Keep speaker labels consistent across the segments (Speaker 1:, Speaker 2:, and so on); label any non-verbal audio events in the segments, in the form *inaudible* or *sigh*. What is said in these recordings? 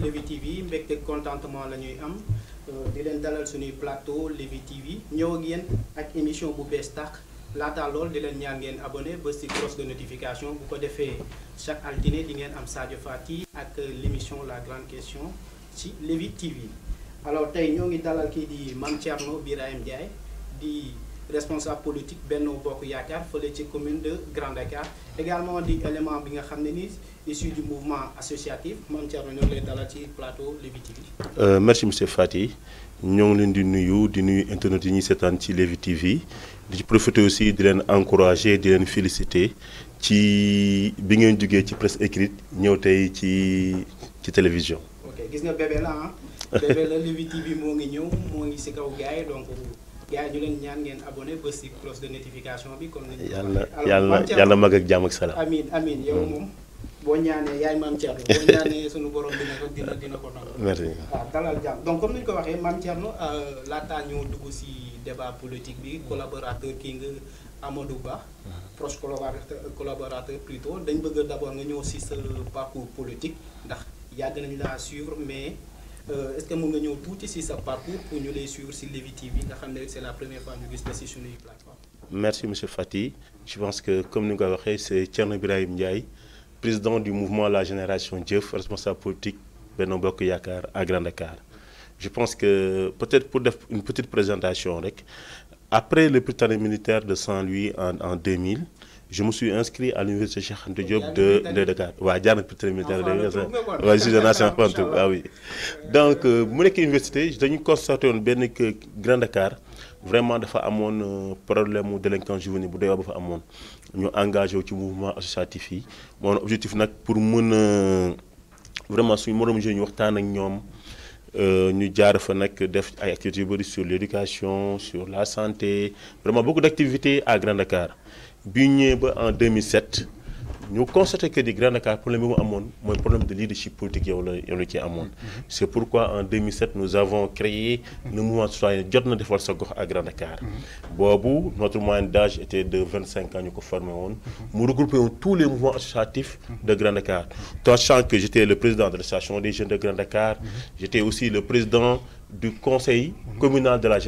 Speaker 1: Levi TV mbégte contentement la ñuy am euh, di leen dalal suñuy plateau Levi TV ñëw ak ak émission bu bees tax laataa lool di leen ñaar ngeen abonné ba si cloche de notification bu ko defee chaque altine di ngeen am Sadio Fati ak l'émission la grande question ci Levi TV. alors tey ñoo ngi dalal kii di Mame Thierno Birahim Ndiaye di responsable politique Benno Bokk Yaakaar fële ci commune de Grand Dakar également di élément bi nga xam ne nii. issus du mouvement associatif Mame Thierno ñoo ngi lay dalal ci plateau Lévi TV.
Speaker 2: Euh, merci monsieur Faty ñoo ngi leen di nuyu di nuyu internet yi ñu seetaan ci Lévi TV di ci profiter aussi di leen encourager di leen féliciter ci bi ngeen jógee ci presse écrite ñëw tey ci ci télévision.
Speaker 1: ok gis nga bébé la ah. *laughs* bébé la Lévi TV moo ngi ñëw moo ngi si kaw gars yi donc. ñu leen ñaan ngeen abonné ba si cloche de notification bi yàlla yàlla yàlla mag ak jàmm ak salaam. amiin amiin yow hmm. moom. boo ñaanee yaay maam Thierno boo ñaanee sunu borom dina ko dina dina ko nangu. merci waaw dalal jàmm donc comme ni ñu ko waxee maam Thierno euh, laataa ñu dugg si débat politique bi collaborateur kii nga Amadou Ba. proche collaborateur collaborateur plutôt dañ bëgg d'abord nga ñëw si sa parcours politique ndax yàgg nañ laa suivre mais euh, est-ce que mën nga ñëw tuuti si sa parcours pour ñu lay suivre si Lévi TV nga xam ne c'est la première fois ñu gis la si suñuy plateforme.
Speaker 2: merci monsieur Fati je pense que comme ni nga ko waxee c'est Thierno Birahim Ndiaye. président du mouvement La Génération Dieuf responsable politique Benno Bokk Yaakaar à Grand Dakar je pense que peut-être pour def une petite présentation rek après le prytanée militaire de Saint-Louis en en 2000 je me suis inscrit à l'université Cheikh Anta Diop de de Dakar waaw jaar na prytanée militaire de waaw je nation pente waaw ah oui donc euh, mu nekk université dañu constaté woon benn grande Dakar vraiment dafa amoon euh, problème mu délinquance juvénile bu doy ba fa amoon ñu engagé wu ci mouvement associatif yi moom objectif nag pour mën a vraiment suñu morom jeunes ñu waxtaan ak ñoom euh, ñu jaar fa nag def ay activités yu bëri sur l' éducation sur la santé vraiment beaucoup activité activités à Grand Dakar bi ñëwee ba en 2007. ñu constaté que di Grand Dakar problème bi mu amoon mooy problème de leadership politique yow la yow la ci amoon. Mhm. c' est pourquoi en 2007 nous avons créé. Mhm. le mouvement citoyen jot na defal sa gox à Grand Dakar. Mhm. boobu notre moyenne d' âge était de 25 ans ñu ko formé woon. mu regroupé woon tous les mouvements associatifs de Grand Dakar. sachant que j' étais le président de l' association jeunes de Grand Dakar. j' aussi le président. du conseil communal de la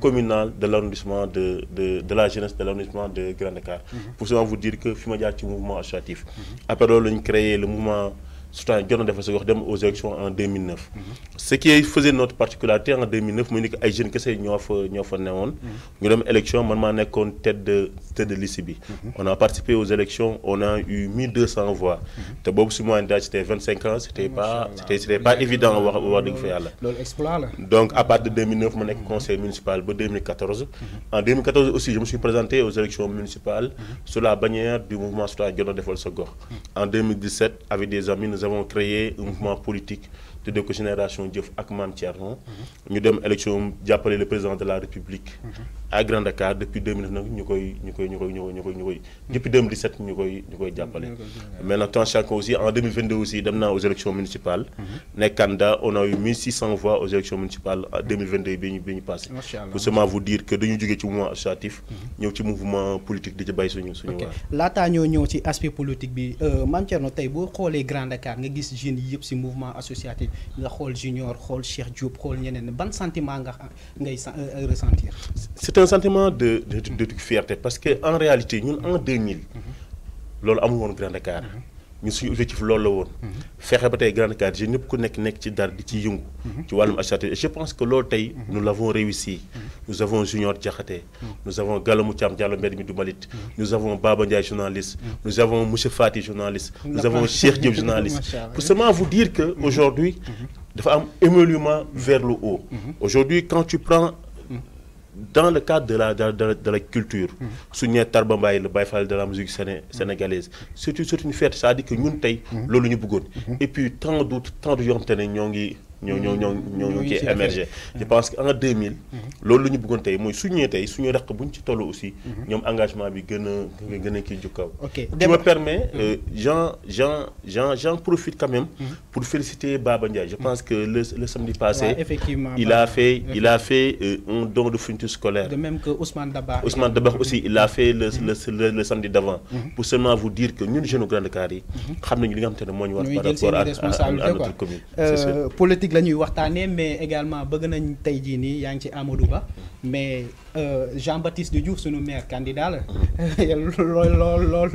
Speaker 2: communal de l'arrondissement de, de, de, la jeunesse de l'arrondissement de Grand Dakar. Mhm. Pour cela, vous dire que Fima Diar, c'est mouvement associatif. Après, on a créé le mouvement surtout jotoon na sa wax dem aux élections en ce qui faisait notre particularité en muy ni ay jeunes kese ñoo fa ñoo fa newoon. ñu dem élection man maa nekkoon tête de tête bi. on a participé aux élections on a eu 1200 voix. te boobu su ma indi c'était 25 ans c'était pas évident wax wax dëgg fa
Speaker 1: yàlla.
Speaker 2: donc à de ma nekk conseil municipal ba en aussi je me suis présenté aux élections municipales. sous la bannière du mouvement citoyen nous avons créé un mhm. mouvement politique tuddee ko génération jëf ak maam Thierno. ñu dem élection jàppale le président de la république. Mhm. à Grand Dakar depuis 2009 ñu koy ñu koy ñu koy ñu koy ñu koy depuis 2017 ñu koy ñu koy jàppale. mais nag en chacun aussi en 2022 aussi dem naa aux élections municipales. Mhm. nekk candidat on a eu 1600 voix aux élections municipales en 2022 bi ñu bi ñu passé. pour seulement vous dire que dañu jógee ci mouvement associatif. Mhm. ñëw ci mouvement politique di ci bàyyi suñu suñu waar.
Speaker 1: laataa ñoo ñëw ci aspect politique bi euh, Mame Thierno tey boo xoolee Grand Dakar nga gis jeunes yi yëpp si mouvement associatif nga xool Junior xool Cheikh Diop xool ñeneen ban sentiment nga ngay euh, ressentir.
Speaker 2: un sentiment de de de, de fierté parce que en réalité ñun en 2000. loolu amul woon Grand Dakar. ñun suñu objectif loolu la woon. fexe ba tey Grand Dakar je ñëpp ku nekk nekk ci dara di ci yëngu. ci wàllum administratif je pense que loolu tey. nous l'avons réussi. nous avons Junior Diakhaté. nous avons Galamou Thiam Diallo mbedd mi du Mbalit. nous avons Baba Ndiaye journaliste. nous avons monsieur Fati journaliste. nous avons Cheikh Diop journaliste. *laughs* pour seulement vous dire que aujourd'hui dafa am émolument vers le haut. Mhm. aujourd'hui dans le cadre de la, de, de, de la culture, mm -hmm. souligner Tarba Mbaye, le Baïfal de la musique séné, mhm. sénégalaise, c'est une fête, ça veut dire que nous, nous, nous, nous, nous, nous, nous, nous, nous, nous, nous, nous, nous, nous, nous, nous, ñoo ñoo ñoo ñoo ñoo ci émergé je pense que en 2000 mm-hmm. loolu la ñu tey mooy suñu tey suñu raq buñ ci toll aussi mm-hmm. ñoom engagement bi gën a gën a kii jukkaaw qui me permet mm-hmm. euh, j'en j'en j'en pour féliciter Baba Ndiaye je pense que le samedi passé il a fait il a fait euh, un don de fourniture scolaire aussi il a fait le le samedi d'avant pour seulement vous dire que ñun jeunes Grand Dakar yi xam nañu li nga xam te ne moo war par rapport à notre commune euh,
Speaker 1: la waxtaanee mais également bëgg nañ tey jii nii yaa ngi ci Amadou Ba mais euh, Jean-Baptiste Diouf suñu maire candidat la *laughs* looy loo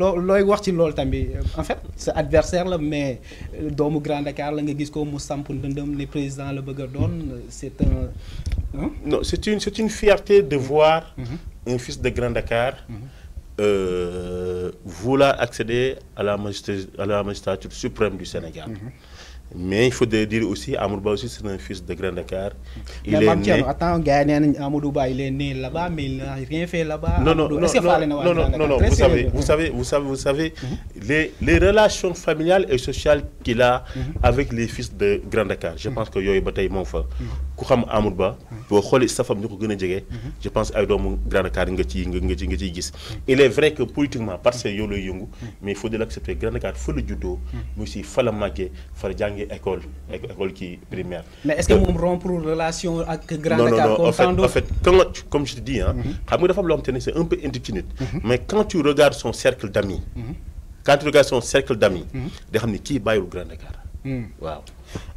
Speaker 1: loo looy wax ci loolu tamit en fait sa adversaire la mais euh, doomu grande Dakar la nga gis ko mu samp ndëndëm ne président la bëgg a doon c'est un.
Speaker 2: non c'est une c'est de voir. Mm-hmm. Mm-hmm. un fils de Grand Dakar. Mm-hmm. Euh, vouloir accéder à la magistrature suprême du Sénégal. mais il faudrait dire aussi Amadou Ba aussi c'est un fils de Grand Dakar. il est né mais
Speaker 1: attends gars yi nee nañ Amadou Ba il est né là-bas mais il n'a rien fait là-bas. non non
Speaker 2: non vous savez vous savez vous savez mhm. les les relations familiales et sociales qu'il a. Mhm. avec les fils de Grand Dakar. je mhm. pense que yooyu ba tey moo fa. ku xam Amadou Ba boo xoolee safam ñu ko gën a jege. je pense ay doomu Grand Dakar nga ciy nga ci gis il est vrai que politiquement parce que yow lay yëngu mais faut de l'accepter Grand Dakar fa la juddoo mu si fa màggee fa jàngee école école kii primaire mais est-ce que euh, moom
Speaker 1: rompre relation ak Grand Dakar
Speaker 2: non comme je te dis mhm. xam nga dafa loo xam te ne c'est un peu indéfinit mhm. mais quand tu son cercle d'amis mhm. quand tu son cercle d'amis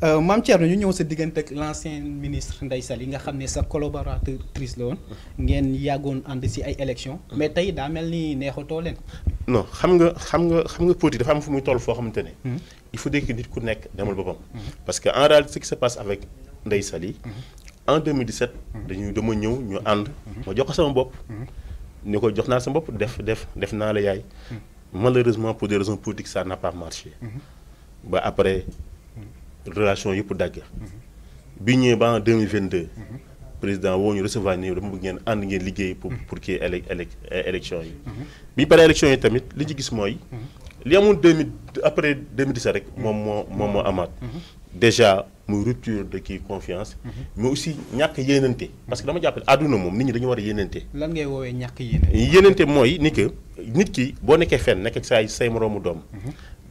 Speaker 1: Euh, maam Thierno ñu ñëw sa diggante ak l' ancien ministre Ndeye Saly nga xam ne sa collaboratrice la woon ngeen yàggoon ànd si ay élections. mais
Speaker 2: tey daa mel ni neexatoo leen. non xam nga xam nga xam nga politique dafa am fu muy toll foo xamante ne. Hmm. il faut de nit ku nekk demal boppam. Hmm. parce que en réalité ce qui se passe avec Ndeye Saly. Hmm. en 2017. dañuy dama ñëw ñu ànd. ma jox ko sama bopp. ni ko jox naa sama bopp def def def naa la yaay. malheureusement pour des raisons politiques sa n'a pas marché. ba après. relation yëpp dagg bi ñëwee ba en 2022 président woo ñu recevoir nii dafa bëgg ngeen ànd ngeen liggéey pour pour kii éle éle élection yi bi ñu paree yi tamit li ci gis mooy li amoon 2000 après sa rek moom moo moom moo amaat déjà muy rupture de kii confiance mais aussi ñàkk yéenante parce que dama jàpp ne àdduna moom nit ñi dañu war a yéenante
Speaker 1: lan ngay woowee ñàkk yéenante
Speaker 2: yéenante mooy ni que nit ki boo nekkee fenn nekk ak say moroomu doom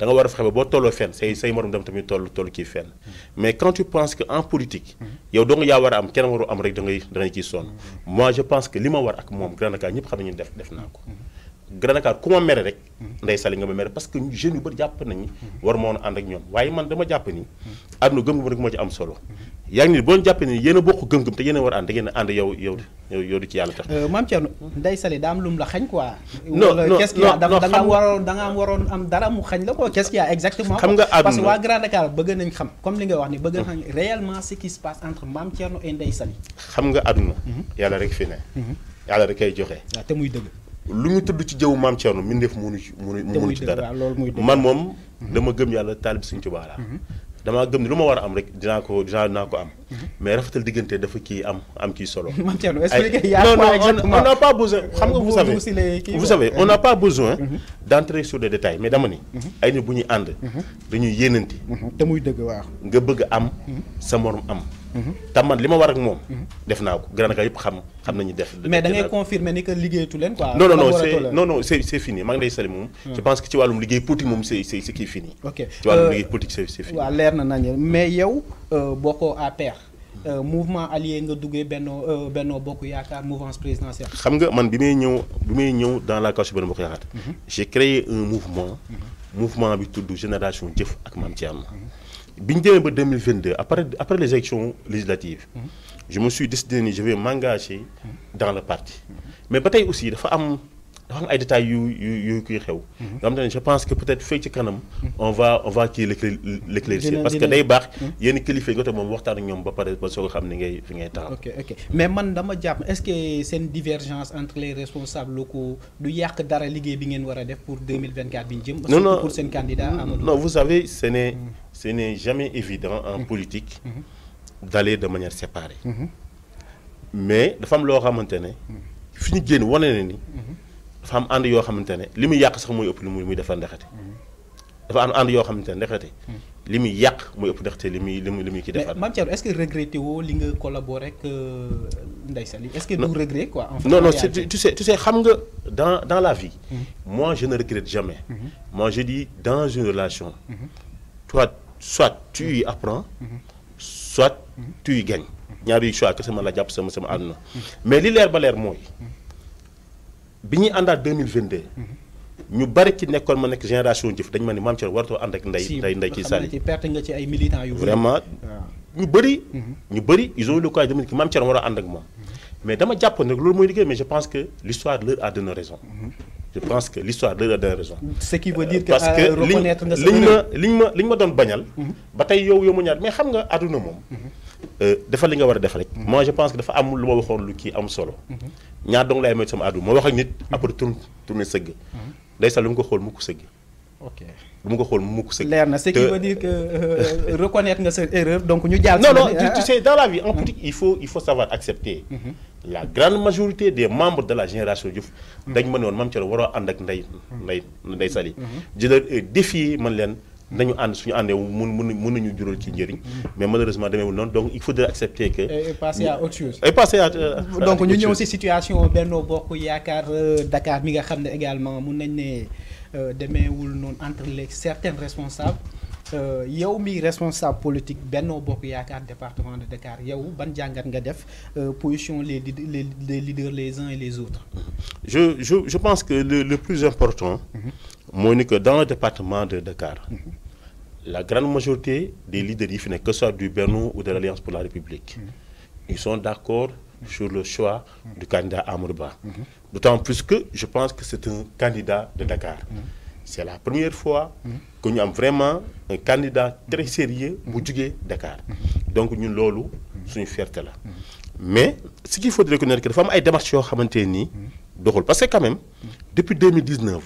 Speaker 2: da war a fexe ba boo tolloo fenn say say morom dem tamit toll toll kii fenn mais quand tu que en politique mhm. yow dong yaa war a am kenn waru am rek da ngay ciy sonn moi je pense que li ma war ak moom Grand Dakar ñëpp xam nañu def def naa ko mhm. Grand Dakar ku ma mere rek Ndeye Saly nga ma mere parce que jeunes yu bëri jàpp nañu war moo ànd ak ñoom waaye man dama jàpp ni àdduna gëm-gëm rek moo ci am solo yaa nii boo jàppee ni yéen a bokk gëm-gëm te yéen a war a ànd da ngeen a ànd yow yow yow ci yàlla tax
Speaker 1: euh, maam Thierno a da nga am dara mu xañ la quoi qu'est-ce qu'il y a exactement nga àdduna parce que waa Grand Dakar bëgg nga wax ni bëgg nañ xam réellement ce qui se passe entre maam Thierno et Ndeye Saly
Speaker 2: xam nga àdduna mhm. yàlla rek fi ne mhm. yàlla rek kay joxe te muy dëgg lu ñu tudd ci jëwu maam Thierno mbindeef mënu ci mënu ci dara man moom mhm. dama gëm yàlla taalib Sëriñ Tuubaa laa mhm. damaa gëm ni lu ma war a am rek dinaa ko dinaa dinaa ko am mhm. mais rafetal diggante dafa kii am am kii solo *laughs* maam Thierno expliqué yaa non non on n'a pas besoin xam nga vous savez vous savez on n'a pas besoin d'entrer sur des détails mais dama ni ay nit bu ñuy ànd dañuy yéenante te muy dëgg waaw nga bëgg am sa morom am tam man li ma war ak moom. def naa ko gannaaw yëpp xam xam nañu def. mais da ngay
Speaker 1: confirmer ni que liggéeyatu leen quoi. non non non c' est non non c'
Speaker 2: est c' est fini maa ngi lay sali moom. Hmm. je pense que ci wàllum liggéey politique moom c' est kii fini. ok ci wàllum euh, liggéey politique c' est fini. waaw
Speaker 1: leer na nañu mais yow euh, bokkoo APR. Euh, mouvement allié nga duggee Benno Benno Bokk Yaakaar mouvance présidentielle. xam
Speaker 2: nga man bi may ñëw bi may ñëw dans la cause Benno Bokk Yaakaar. Mhm. j' ai un mouvement. bi tudd génération jëf ak Mame Thierno mhm. bi ñu demee ba 2022 après après les élections législatives mm-hmm. je me suis décidé ni je vais m'engager dans le parti mm-hmm. mais ba tey aussi dafa am dafa am ay détails yu yu yu kuy xew nga mm-hmm. xam ne je pense que peut-être fekk ci kanam on va on va parce que day baax yenn kilifa yi nga toog moom waxtaan ñoom ba pare ba soo xam ni ngay fi ngay taxaw ok ok mais man
Speaker 1: dama jàpp est que seen divergence entre les responsables locaux du yàq dara liggéey bi ngeen war a def pour 2024 bi ñu jëm non non pour
Speaker 2: ce n'est jamais évident en mhm. politique mhm. d'aller de manière séparée mhm. mais dafa am loo xamante ne fi ñu génn wane ne ni dafa am ànd yoo xamante ne li muy yàq sax mooy ëpp li muy defar ndexete dafa am ànd yoo xamante ne ndexete li muy yàq mooy ëpp ndaxte li muy li mu li muy ki defar.
Speaker 1: mais Mame Thierno est-ce que regretté woo li nga collaboré ak euh, Ndeye Saly est-ce que quoi. en fait non non
Speaker 2: tu sais xam nga dans dans la vie. moi je ne regrette jamais. moi je dis dans une relation. toi soit tu y apprends mhm. soit mhm. tu y gagnes ñaari choix kese mën la jàpp sama sama àdduna mhm. mais li leer ba leer mooy bi ñuy àndaat 2022 ñu bari ci nekkoon ma nekk génération jëf dañ ma ne maam Thierno waratoo ànd ak ndey ndey ndey ci sali
Speaker 1: perte nga ci ay militants yu ñu
Speaker 2: bëri ñu bëri ils ont eu le courage de me dire que maam a ànd ak moom mais dama jàppoon rek loolu mooy liggéey mais je pense que l'histoire leur a raison je pense que l'histoire de donne raison.
Speaker 1: ce parce euh, que liñ liñ ma
Speaker 2: liñ ma liñ ma doon bañal. Mhm. ba tey yow yow mu ñaar mais xam nga àdduna moom. Mhm. Euh, defal li nga war a def rek. Mhm. moi je pense que dafa am lu ma waxoon lu kii am solo. ñaar dong laay may sama àdduna ma nit. après tourne tourne sëgg. ndeysaan lu mu ko xool mu ko sëgg. ok lu mu ko xool mu ko sëgg. leer na ce qui veut
Speaker 1: dire que euh, reconnaître nga sa erreur donc ñu. jaar non non tu ah, ah. sais
Speaker 2: dans la vie en politique il faut il faut la grande majorité des membres de la génération Diouf dañ ma ne woon maam Thierno waroo ànd ak nday nday nday Sali jëlal man leen nañu ànd suñu àndee mun mun mun nañu jural ci njëriñ mais malheureusement demeewul noonu donc il faudrait accepter que
Speaker 1: passer à autre chose passer à euh, donc ñu ñëw si situation Benno Bokk Yaakaar euh, dakaar bi nga xam ne également mun nañ ne euh, demeewul noonu entre les certains responsables Euh, yow mi responsable politique Benno Bokk Yaakaar département de Dakar yow ban jàngat nga def euh, position les les les leaders les uns et les autres.
Speaker 2: je je je pense que le le plus important. Mhm. mooy ni que dans le département de Dakar. Mhm. la grande majorité des leaders yi fi nekk que ce soit du Benno ou de l'Alliance pour la République. Mhm. ils sont d'accord sur le choix du candidat Amadou Ba. d'autant plus que je pense que c'est un candidat de Dakar. c' est la première fois. que ñu am vraiment un candidat très sérieux bu jugee Dakar. donc ñun loolu suñu fierté la. mais ce qu'il faut reconnaître que dafa am ay démarches yoo xamante nii doxul parce que quand même depuis 2019.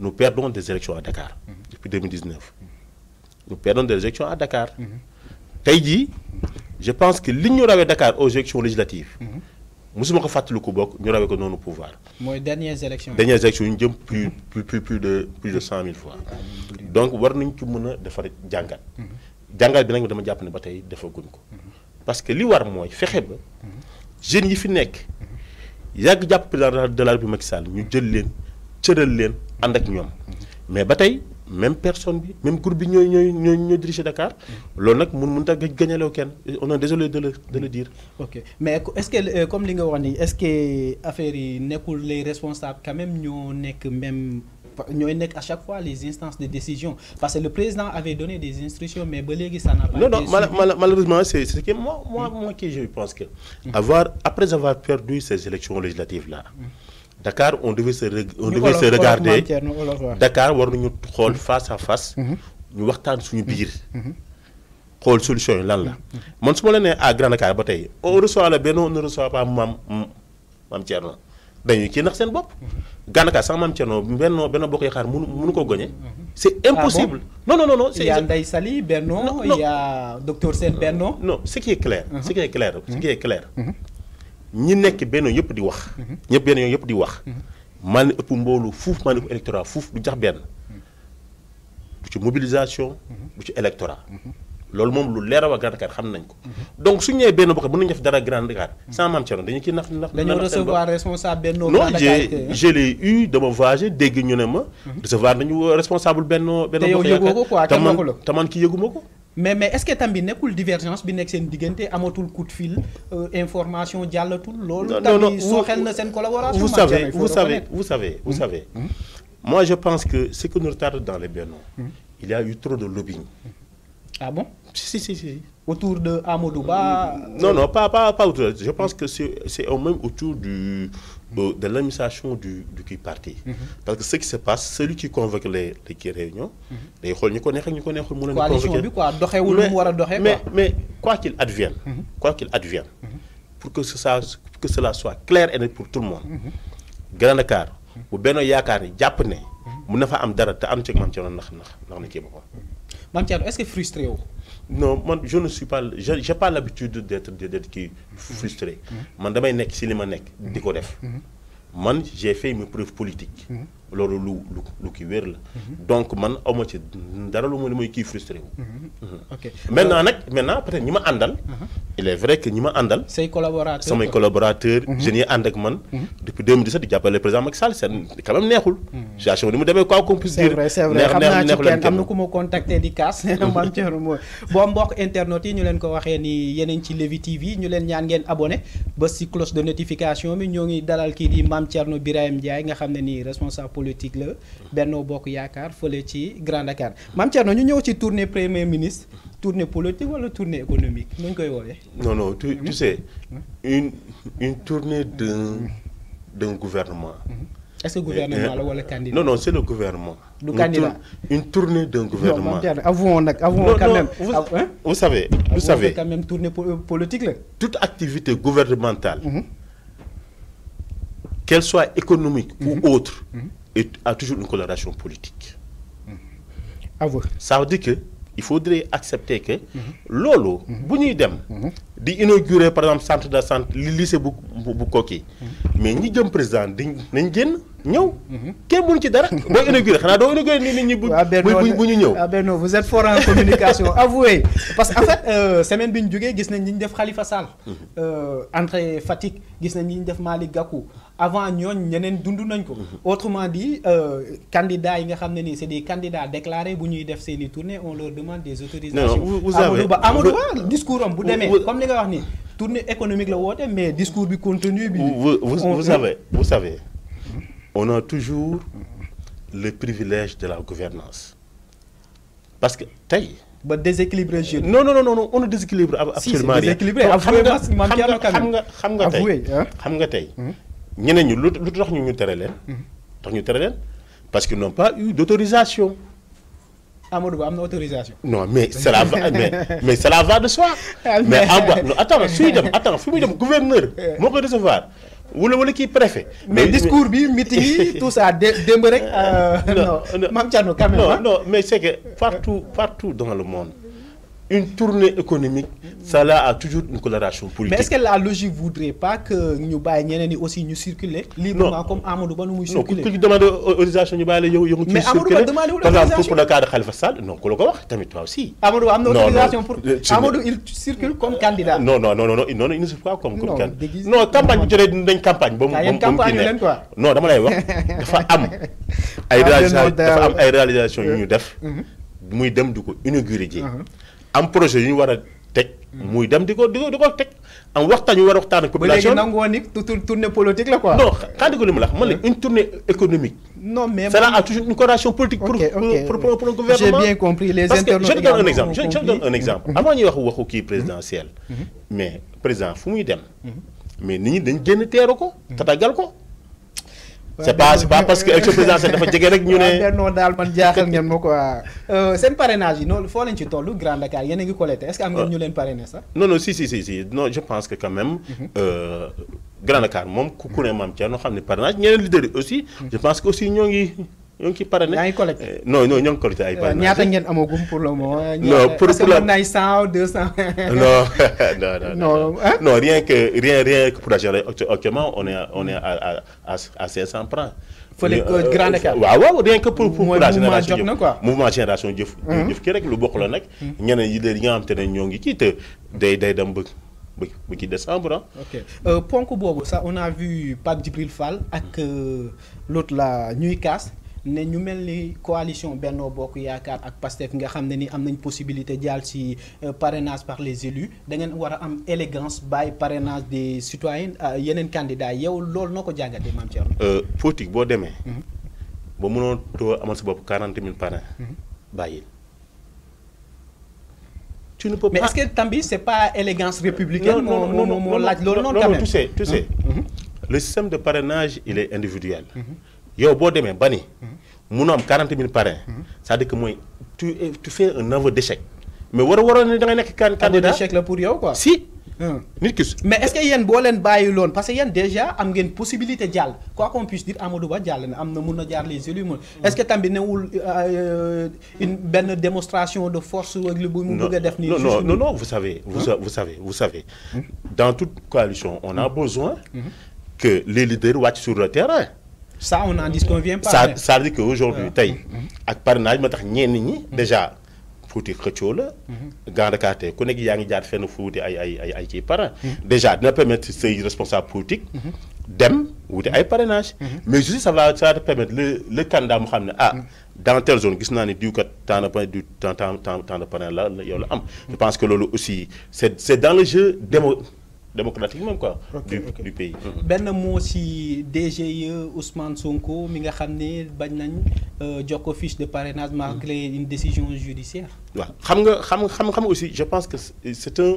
Speaker 2: nous perdons des élections à Dakar. depuis 2019. nous perdons des élections à Dakar. tey jii je pense que li ñu rawee Dakar aux élections législatives. musuma ko fàttaliku bokk ñu rawee ko noonu pouvoir.
Speaker 1: mooy dernières élections yi dernières
Speaker 2: élections ñu jëm plus plus de plus de cent mille fois. donc war nañ ci mën a defar jàngat. Mhm. jàngat bi nag dama jàpp ne ba tey defaguñ ko. parce que li war mooy fexe ba. jeunes yi fi nekk. yàgg jàpp président de la République Macky ñu jël leen cëral leen ànd ak ñoom mhm. mais ba tey. même personne bi même groupe bi ñooy ñooy ñooy ñooy diriger Dakar loolu nag mun mun tax gañalew kenn on désolé de le de le dire.
Speaker 1: ok mais est euh, comme li nga wax nii est-ce que yi nekkul les responsables quand même ñoo nekk même ñooy nekk à chaque fois les instances de décision parce que le président avait donné des instructions mais ba léegi ça n'a pas. non non malheureusement
Speaker 2: c'est c'est que moi moi moi qui je pense que. Mm-hmm. avoir après avoir perdu ces élections législatives mm-hmm. Dakar on devait se on devait war regarder ñu xool mm-hmm. face à face. Mm-hmm. ñu waxtaan suñu biir. Mm-hmm. xool solution yi lan la. man su ma la nee à ba tey on reçoit la benn on ne reçoit pas maam maam Thierno dañuy kii ndax seen bopp. Grand sax sans maam Thierno benn benn bokk yaakaar mënu mënu ko gagné. c'est ah impossible. non non non non. a Ndeye Sali Benno. il y seen docteur Sène Benno. non ce qui est clair. ce qui est clair ce ñi nekk benn yëpp di wax. Mhm. ñëpp benn yoon yëpp di wax. Mhm. man ne ëpp mboolu fuuf maa ne ëpp électorat fuuf du jax benn. Mhm. bu ci mobilisation. bu ci électorat. loolu moom lu leer a waa Grand xam nañ ko. donc suñu ñëwee benn bokk mën nañu def dara Grand Dakar. sans maam Thierno dañu ciy nax nax. dañoo recevoir
Speaker 1: responsable Benno. non j'ai je
Speaker 2: l'ai eu dama voyagé dégg ñu ne ma. recevoir nañu responsable Benno. Benno Bokk Yaakaar te yow yëgoo ko quoi te man ki yëguma ko.
Speaker 1: mais mais est-ce que tam bi nekkul divergence bi nekk seen diggante amatul coup de fil euh, information jàllatul. loolu tamit sooxel na seen collaboration. vous vous savez vous hmm.
Speaker 2: savez vous hmm. savez. moi je pense que ce que nous retarde dans les Benno. Hmm. il y a eu trop de lobbying.
Speaker 1: ah bon si si si. autour de Amadou Ba. non euh, non
Speaker 2: pas pas autour je pense que c'est c'est même autour du. de l'administration du, du parti. Mm -hmm. Parce que ce qui se passe, celui qui convoque les, les réunions, mm -hmm. mais, mais quoi qu'il advienne, mm -hmm. quoi qu'il advienne, mhm. pour que, ça, que cela soit clair et net pour tout le monde, mhm. Grand Dakar, ou Beno Yakari, Japonais, il faut que ce soit clair et net pour tout le monde. Mam Thierno, est-ce que frustré vous non man je ne suis pas je j'ai pas l'habitude d'être d'être kii frustré mhm. man damay nekk si li ma nekk di ko def mhm. man j'ai fait mes preuves politiques mhm. loolu lu lu lu ki wér la. donc man awma ci dara lu muy kii frustré wu. Mm-hmm. ok maintenant nag maintenant peut-être ñi ma àndal. Mm-hmm. il est vrai que ñi ma àndal. say collaborateurs samay collaborateurs. Mm-hmm. jeunes yi ànd ak man. depuis 2017 di jàppale président Macky Sall seen quand même neexul. situation ni mu demee quoi qu'on puisse dire. neex neex xam
Speaker 1: naa mooy *laughs* *laughs* boo mbokk internet yi ñu leen ko waxee ni yeneen ci Levi TV ñu leen ñaan ngeen abonné ba si cloche de notification bi ñoo ngi dalal kii xam ne nii responsable. politique la Benno Bokk Yaakaar fële ci Grand Dakar Mame Thierno ñu ñëw ci tournée premier ministre tournée politique wala tournée économique nu ñu koy woowee.
Speaker 2: non non tu, tu sais une une tournée d'un d'un gouvernement. Mm-hmm.
Speaker 1: est-ce que gouvernement la wala candidat. non non
Speaker 2: c'est le gouvernement. du candidat une tournée d'un gouvernement. non Thierno
Speaker 1: avouons nag avouons quand même.
Speaker 2: vous vous savez. vous savez quand
Speaker 1: même tournée politique la.
Speaker 2: toute activité gouvernementale. Mm-hmm. qu'elle soit économique ou mm-hmm. autre. est, a toujours une coloration politique. à mm-hmm. vous. ça veut dire que il faudrait accepter que. Mm-hmm. loolu. Mm-hmm. bu ñuy dem. di inaugurer par exemple centre de santé li lycée bu bu Koki. mais ñi jëm président di nañ génn ñëw. kenn mënu ci dara *laughs* booy inauguré xanaa doo inauguré nit ñi ah, bu bu ñu ñëw. ah vous êtes fort
Speaker 1: en communication *laughs* avouez parce que en fait euh, semaine bi ñu jógee gis nañ ñi ñu def Khalifa Sall. Euh, entrée Fatick gis nañ ñi ñu def Malick Gakou. avant ñooñ ñeneen dund nañ ko. Mhm. autrement dit euh, candidats yi nga xam ne nii c'est des candidats déclarés bu ñuy def seen i tournée on leur
Speaker 2: demande des autorisations. Amadou Ba Amadou
Speaker 1: Ba discours am bu demee comme li nga wax ni tournée économique la woote mais discours bi continuer bi. vous vous savez
Speaker 2: vous savez on a toujours le privilège de la gouvernance parce que tey. ba déséquilibré jeu. non non no non on ne déséquilibre absolument rien. si c'est déséquilibré xam nga xam nga xam nga xam nga tey. ñeneen ñu lu lu tax ñu ñu tere leen. Mhm. tax ñu tere leen parce qu'ils n'ont pas eu d'autorisation. Amadou Ba am na autorisation. non mais cela va mais mais cela va de
Speaker 1: soi. Ah, mais Amadou non
Speaker 2: attends *laughs* suy dem attends fi muy dem gouverneur moo koy recevoir. wala wala kii préfet. mais discours bi meeting yi *laughs* tout ça démb rek. Euh, *laughs* non non Mame Thierno quand non non mais c'est que partout partout dans le monde. une tournée économique, cela a toujours une coloration politique. Mais est-ce que la
Speaker 1: logique voudrait pas que nous baillons aussi nous circuler librement comme Amadou Ba nous circuler Non, que demande
Speaker 2: autorisation nous baillons yow yow Mais Amadou Ba demande autorisation pour le cas de Khalifa Sall, non, ko wax tamit toi
Speaker 1: Amadou am na autorisation pour Amadou
Speaker 2: il campagne bi jëlee dañ campagne ba mu ah, mu quoi. dama lay wax dafa am
Speaker 3: *laughs* ah, ay
Speaker 2: réalisation dafa yu ñu def euh. mhm. muy dem du ko inaugurer ji. Mhm. am projet yu ñu war a teg. muy dem di ko di ko di ko teg am waxtaan yu war a waxtaan ak population bi ba léegi nangu woon ni tournée politique la quoi. non xaaral li ma la wax man une tournée économique. non a toujours une corrélation politique. pour pour
Speaker 1: pour gouvernement. j'ai parce que je
Speaker 2: donne un exemple je je donne un exemple. Mhm. avant ñuy wax waxu kii présidentiel. Mhm. mais président fu muy dem. Mhm. mais nit ñi dañ génn teeru ko. tatagal ko. c'est pas c'est pas parce que élection présidentielle dafa jege rek ñu ne.
Speaker 1: *laughs* non daal man jaaxal *laughs* ngeen ma quoi. Euh, seen foo leen ci toll Grand Dakar yéen a ngi collecté est-ce que am ngeen euh, ñu leen parrainé sax.
Speaker 2: non non si si si si je pense que quand même. Mhm. Euh, Grand Dakar moom ku ku ne maam Thierno xam ne parrainage ñeneen leader yi aussi. Mhm. je pense que aussi ñoo ngi. ñoo ngi ciy pare ne yaa ngi collecté eh, non non ñoo ngi collecté ay parrainages ñaata
Speaker 1: ngeen amagum pour le moment. non pour pour la parce que mën 100 200.
Speaker 2: non non non non rien que rien rien que pour la gérer actuellement on est on est à à à 500 francs. fële euh, grand écart. Euh, waaw waaw rien que pour pour la génération jëf mouvement génération jëf. jëf ki rek lu bokk la nag. ñeneen yi léegi nga xam te ne ñoo ngi ci te day day dem bëgg. bu bu ci décembre ah.
Speaker 1: ok euh, ponk boobu sax on a vu Pape Djibril Fall ak l'autre la ñuy kaas. ne ñu mel ni coalition Benno Bokk Yaakaar ak Pastef nga xam ne ni am nañ possibilité jàll ci euh, parrainage par les élus dangeen war a am élégance bàyyi parrainage des citoyens euh, yeneen candidats yow loolu noo ko jàngatee maam Thierno.
Speaker 2: Euh, politique boo demee. Mhm. ba mënoo too amal sa bopp quarante mille parrains. Mhm. bàyyil.
Speaker 1: tu ne mais est-ce que tam bi c'est pas élégance républicaine. non moo laaj
Speaker 2: loolu noonu. quand même tu mhm. le système de parrainage il est individuel. yow boo demee ba ni. mënoo am 40 000 parrains. Hmm. cest dire que mooy tu tu fais un aveu d'échec mais war waroon ni da nekk candidat aveu d'échec la pour yow quoi si. Hmm. nit ki mais est-ce
Speaker 1: que yéen boo leen bàyyi loon parce que yéen déjà am ngeen possibilité jàll quoi qu'on puisse dire Amadou Ba jàll na am na mun na jaar les élus mun hmm. est-ce que tamit newul euh, une benn démonstration de force ak li bu mu bëgg a def nii non vous
Speaker 2: savez vous savez vous savez dans toute coalition on a besoin que les leaders wàcc sur le terrain sa on n'en disconvient pas. ça ça veut dire que aujourd'hui tey mhm. ak parrainage ma tax ñenn ñi mhm. déjà fuuti xëccoo la. Mhm. Grand Dakar tey ku nekk yaa ngi jaar fenn fuuti ay ay ay ay ci parrain. déjà dina permettre say responsable politique. dem wuti ay parrainage. mais juste ça va ça va te permettre le xam ne ah. dans telle naa ne diw kat tant de la yow la am. je pense que loolu aussi c'est dans le jeu démo. démocratique même quoi. du du pays. benn
Speaker 1: moo si DGE Ousmane Sonko mi nga xam ni bañ nañ euh, jox ko fiche de parrainage malgré mm. une décision judiciaire.
Speaker 2: waaw xam nga xam xam xam aussi je pense que c'est un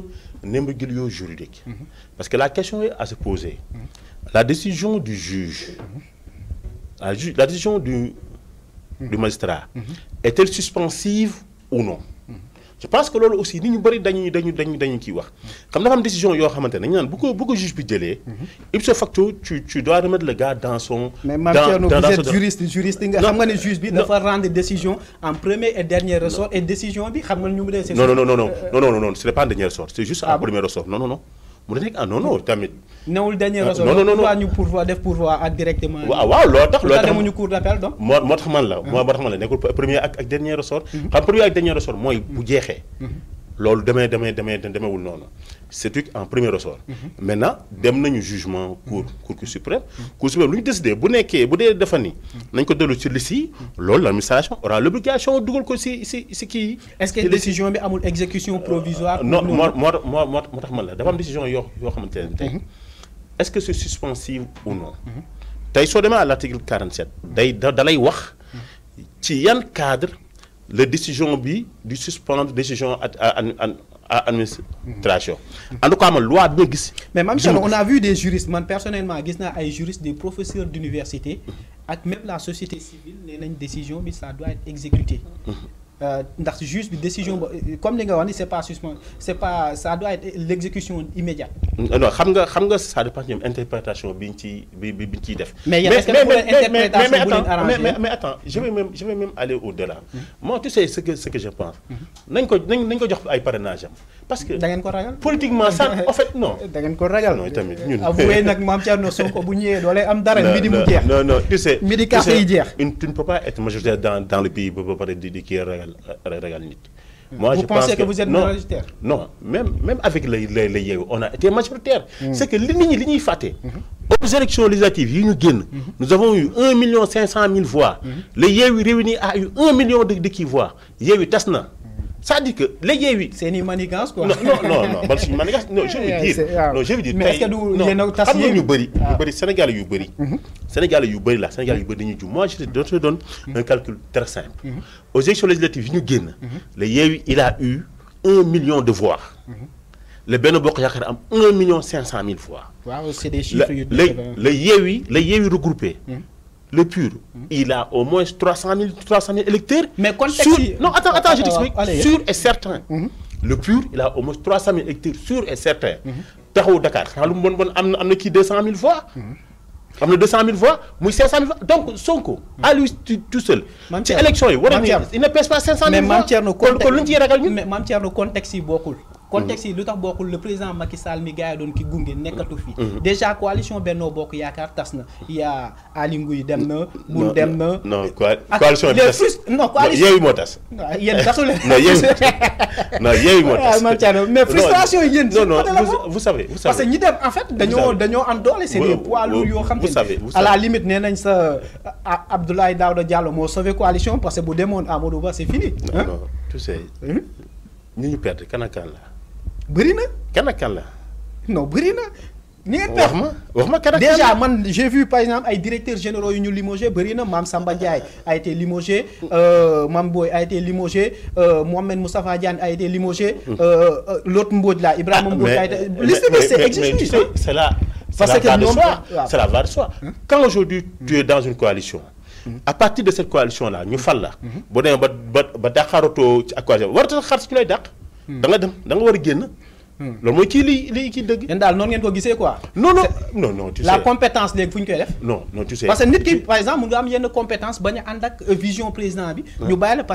Speaker 2: imbroglio juridique. Mm-hmm. parce que la question est à se poser. Mm-hmm. la décision du juge. Mm-hmm. la ju la décision du du magistrat. est-elle suspensive ou non. je pense que loolu aussi nit ñu bëri dañuy dañu dañu dañu kii wax xam ne ñu naan bu ko bu ko juge
Speaker 1: nga xam dafa rendre décision en premier et dernier ressort et décision bi xam nga ñu mu dee non non non euh, euh.
Speaker 2: non non non non ce n'est pas en dernier ressort c'est juste en ah premier ressort non non non mu ne nekk ah non non tamit newul dernier ah, ressort. non non non ñu
Speaker 1: pourvoi def pourvoi ak directement. waaw waaw loo tax loo
Speaker 2: donc. moo tax man la ah. moo tax man la nekkul premier ak ak dernier ressort. Mm-hmm. xam premier ak dernier ressort mooy bu jeexee. Mm-hmm. loolu demee demee demee demeewul noonu c'est en premier ressort. Mm-hmm. maintenant dem nañu jugement cour cour suprême. cour suprême lu ñu décidé bu nekkee bu dee dafa ni. nañ ko dellu ci liste yi. loolu l'administration aura l'obligation dugal ko ci ci ci kii yi. est-ce que décision bi amul exécution provisoire. Euh, non moo moo moo moo tax man la dafa am décision yoo yoo xamante ne tey. est-ce que c'est suspensif ou non tey soo demee à l'article 47 day da dalay wax ci yan cadre la décision bi di suspendre décision administration. en tout cas ma loi bi nga gis. mais Mame Diallo on a
Speaker 1: vu des juristes man personnellement gis na ay juristes des professeurs d'université ak même la société civile nee nañ décision bi ça doit être exécuté. Mm-hmm. Euh, ndax juge bi décision ba comme li nga wax ni c'est pas suspend c'est pas ça doit être l'exécution immédiate.
Speaker 2: Euh, non xam nga xam nga ça dépend ñoom interprétation bi ñu ciy bi bi ñu ciy def. mais mais mais mais mais attends je vais même je vais mm-hmm. moi tu sais ce que je pense. Mm-hmm. nañ ko nañ nañ ko jox ay parrainage am. parce que da ngeen ko ragal. politiquement ça en fait non. *laughs* ko ragal non tamit ñun. avoué nag maam Thierno Sonko bu ñëwee doo am dara. midi mu jeex non non tu sais. midi carte yi jeex. tu ne peux pas être majoritaire dans le pays ba pare di di ragal nit. Moi, vous je pensez pense que, que vous êtes non, majoritaire Non, même, même avec les, les, les on a été majoritaire. Mmh. C'est que l'Union faté. Hmm. Aux élections législatives, hmm. nous avons eu 1 500 000 voix. Hmm. Les Yéwi réunis a eu million de, de qui voix. Yéwi Tasna. c'est-à-dire que les Yewwi. seen i manigance quoi. non non non je veux dire. je veux a tas xam nga ñu bëri. ñu ah. yu bëri. Mhm. Sénégalais yu bëri la Sénégalais yu bëri dañuy juum je te donne mhm. un calcul très simple. Mhm. aux élections législatives yi ñu génn. le Yewwi il a eu un million de voix. le Benno Bokk Yaakaar am un million cinq cent mille voix. la la Yewwi la Yewwi regroupé. le pur, il a au moins 300 000, 300 000 électeurs. Mais contexte... Sur... Non, attends, attends, et certain. Mhm. Le pur, il a au moins 300 000 électeurs, sûr et certain. Taxawu Dakar, am na kii 200 000 mhm. am na 200 muy 500 donc Sonko. Mhm. à lui tout seul. ci élection yi war nañu il ne pèse pas 500 000 voix. mais Mame Thierno ragal
Speaker 1: ñun. mais Mame Thierno contexte yi bokkul. contexte yi lu tax bokkul l président Macky Sall mi gars yi doon ki gunge nekkatu fi. Mm-hmm. Mm-hmm. déjà coalition Benno Bokk Yaakaar tas na yaa Aly Ngouille dem na. Boun dem
Speaker 2: na non euh, coalition bi tas non coalition yooyu moo tas. waaw yéen tasul non *laughs* non yooyu moo tas. man caa mais frustration non non vous savez vous savez parce que ñi dem en fait dañoo dañoo am doole c'est des poids lourds yoo xam ne à la
Speaker 1: nee nañ sa euh, Abdoulaye Daouda Diallo moo sauvé coalition parce que bu demoon Amadou Ba
Speaker 2: bëri na. kenn kan la.
Speaker 1: non bëri na. ni ngeen wax ma wax ma keneen déjà man j'ai vu par exemple ay directeurs généraux yu ñu limogé bëri na Mame Samba Ndiaye a été limogé euh, Mame Boye a été limogé euh, Mohamed Moustapha Diagne a été limogé. Mm. Euh, l'autre Mbodj là Ibrahima ah, Mbodj. ah mais liste bi c'est existe
Speaker 2: c'est la parce que ñoom c'est la va de soi quand aujourd'hui tu dans une coalition. à partir de cette coalition là ñu fal la. boo demee ba ba ba dàqaaratoo ci ak coalition waratuñu xar si ñu lay da nga dem da war a génn. Hmm. loolu mooy ci li li ci dëgg. yéen daal noonu ngeen ko gisee quoi. non non non non tu sais. la
Speaker 1: compétence léegi fu ñu koy def.
Speaker 2: non non tu sais. a
Speaker 1: ànd ak vision président bi. ñu la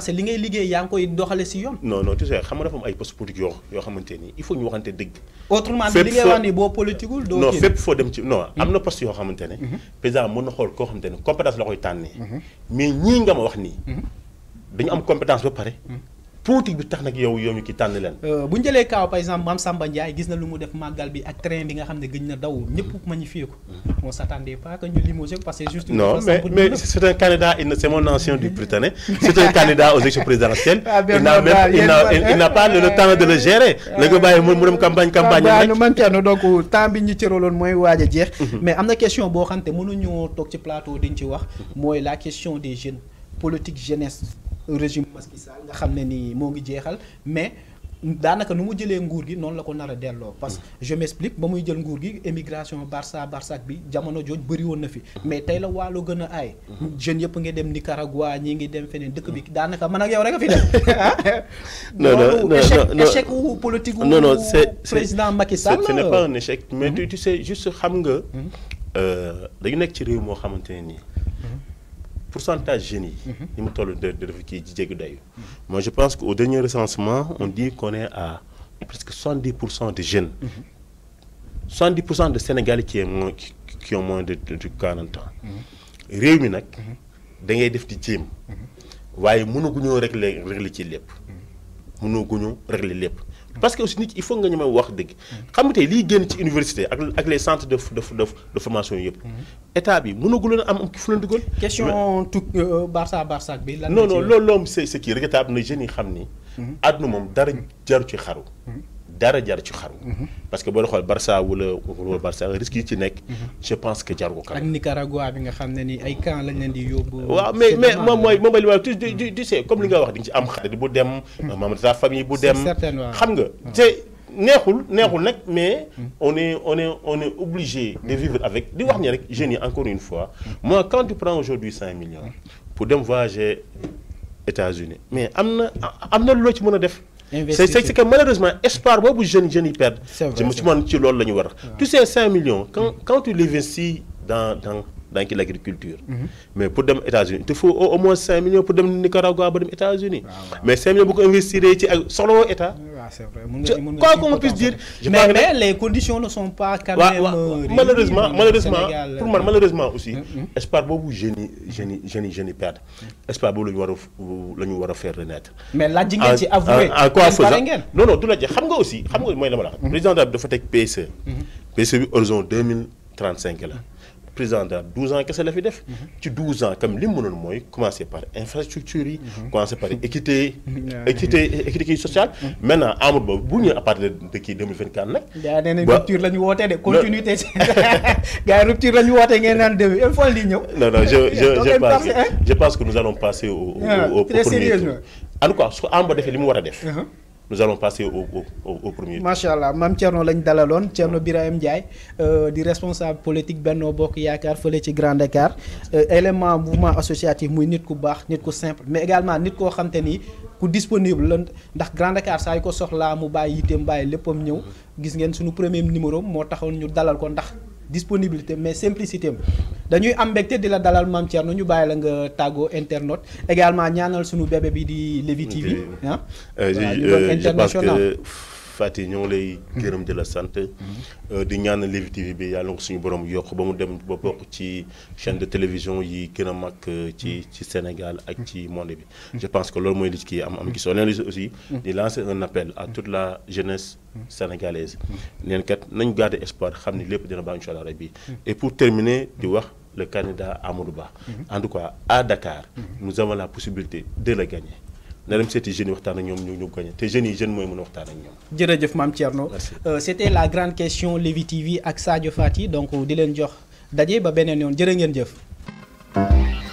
Speaker 2: xamante ni il faut ñu waxante dëgg. autrement li ngay wax ni
Speaker 1: boo politiqueul
Speaker 2: doo non fépp foo dem ci non am na hmm. poste yoo xamante ne. Hmm. président mën na xool koo xamante ne compétence la koy tànnee. mais ñii nga ma wax nii. dañu am compétence ba pare. politique bi tax nag yow yow ki tànn leen.
Speaker 1: Euh, bu ñu kaaw par exemple Mame Samba Ndiaye gis na lu mu def màggal bi ak train bi nga xam ne gëj na daw ñëpp magnifié ko. Mm-hmm. on s'attendait pas que ñu limogé parce que juste. non mais mais c'
Speaker 2: est un candidat il c' est mon ancien *laughs* ah, a même il n' a de le gérer. Ah. la bàyyi mu dem campagne campagne rek.
Speaker 1: man kenn donc temps bi ñu cëraloon mooy waaj a jeex. Mm-hmm. mais am na question boo xam te mënuñoo toog ci plateau diñ ci wax. Mm-hmm. mooy la question régime Macky Sall nga xam ne nii moo ngi jeexal mais daanaka nu mu jëlee nguur gi noonu la ko nar delloo parce que je m'explique ba muy jël nguur gi émigration Barça Barsak bi jamono jooj bëri woon na fi mais tey la waa waalo gën a aay jeunes yëpp ngay dem Nicaragua ñii ngi dem feneen dëkk bi daanaka man ak yow rek a fi dem *laughs* ah? non non échec échec wu politique wu non non c'est président Macky Sall ce n'est pas
Speaker 2: échec mais mm-hmm. tu sais juste xam nga mm-hmm. euh, dañu nekk ci réew moo xamante ne nii pourcentage jeunes yi. Mhm. ni mu toll de dafa ki ci jéggi dayu. moi je pense que au dernier recensement on dit qu'on est à presque pour cent de jeunes. Mhm. soixante dix pour de Sénégalais qui est moins qui ont moins de quarante ans.
Speaker 3: Mhm.
Speaker 2: réew mi nag. da ngay def di jéem. waaye mënaguñoo régler régler ci lépp. mënaguñoo régler lépp. parce que aussi nit il faut nga ñemee wax dëgg. xam nga liy génn ci université ak ak les de de formation yëpp. Mm-hmm. état bi mënagul a am fu la dugal. question
Speaker 1: tu euh, Barça Barça bi lan non non loolu
Speaker 2: moom c'est c'est kii regrettable na jeunes xam ni. Mm-hmm. àdduna moom dara jaru ci xaru. Mm-hmm. dara jar ci xaru. Mhm. parce que boo xool Barça wala wala Barça risque yi ci nekk. Mhm. je pense que jar ko xaru.
Speaker 1: ak Nicaragua bi nga xam ne ni ay camp lañ leen di yóbbu. waaw mais mais moom mooy
Speaker 2: moom li ma tu tu sais comme li nga wax di nga ci am xarit bu dem. Mhm. Euh, neexul neexul nag mais on est on est on est obligé de vivre avec di wax ni rek jeunes yi encore une fois moi quand tu prends aujourd'hui cinq millions pour dem voyager États-Unis mais am na am na loo ci mën a def. c'est c'est que malheureusement espoir boobu jeunes jeunes yi perdent. ci man ci loolu la ñu war a. tu sais 5 millions quand quand dans dans daañu ci l' agriculture. Mhm. mais pour dem États-Unis te faut au moins 5 millions pour dem Nicaragua ba dem États-Unis. Ah, mais 5 millions bu ko investir ci ak solo état.
Speaker 3: waaw ah, c' est vrai mun nga mun quoi
Speaker 2: qu'on puisse dire. je mais mais les conditions ne sont pas. quand euh, malheureusement malheureusement aussi. Mm, mm. espoir boobu jeunes yi jeunes yi jeunes yi jeunes boobu la ñu war a mais laaj ngeen ci avoué. en quoi faisant non non du la jeex xam nga aussi xam nga mooy la ma la mm-hmm. président daal président daal 12 ans kese la fi def. Mhm. ci 12 ans kam li mu mënoon mooy commencer par infrastructure yi. Mhm. commencer par équité. *laughs* équité équité sociale. Mhm. maintenant Amadou Ba bu ñu à partir de kii 2024 nag.
Speaker 1: yaa nee nañ rupture
Speaker 2: la ñu de continuité
Speaker 1: si *laughs* gars yi rupture la ñu woote naan déglu il faut li ñëw. non non *laughs*
Speaker 2: je pense que nous allons passer au au au. au ah, premier tour en tout Ba defee li mu war a def. Uh-huh. nous allons passer au au au premier.
Speaker 1: macha allah mam Thierno lañ dalaloon Thierno Birahim Ndiaye euh, di responsable politique Benno Bokk Yaakaar fële ci Grand Dakar euh, élément ma associative muy nit ku baax nit ku simple mais également nit koo xam te ni ku disponible la ndax Grand Dakar saa yu ko soxlaa mu bàyyi yitteem bàyyi léppam ñëw gis ngeen suñu premier numéro moo taxoon ñu dalal ko ndax. disponibilité mais simplicité am dañuy am mbégte di la dalal maam Thierno ñu bàyyi la nga tàggoo internaute également ñaanal suñu bébé bi di Levi TV ah.
Speaker 2: Euh, euh, international Faty ñoo ngi lay gërëm di la sant. Mhm. Euh, di ñaan Levi TV bi yàlla na suñu borom yokk ba mu dem ba bokk ci chaîne de télévision yi gën a mag euh, ci mhm. ci Sénégal ak ci mhm. monde bi. je pense que loolu mooy li ci am am gisoo leen aussi. di lancer un appel à toute la jeunesse sénégalaise. neen kat nañu garder espoir xam ni lépp dina baax incha bi et pour terminer di wax. le candidat Amadou Ba. En tout cas, à Dakar, mu avons la possibilité de le gagner. na dem seeti jeunes yi waxtaan ak ñoom ñu ñu gagné te jeunes yi jeunes mooy mën a waxtaan ak ñoom.
Speaker 1: jërëjëf maam Thierno euh, c'était la grande question Lévi TV ak faat Fati donc di leen jox daje ba beneen yoon jërë ngeen jëf.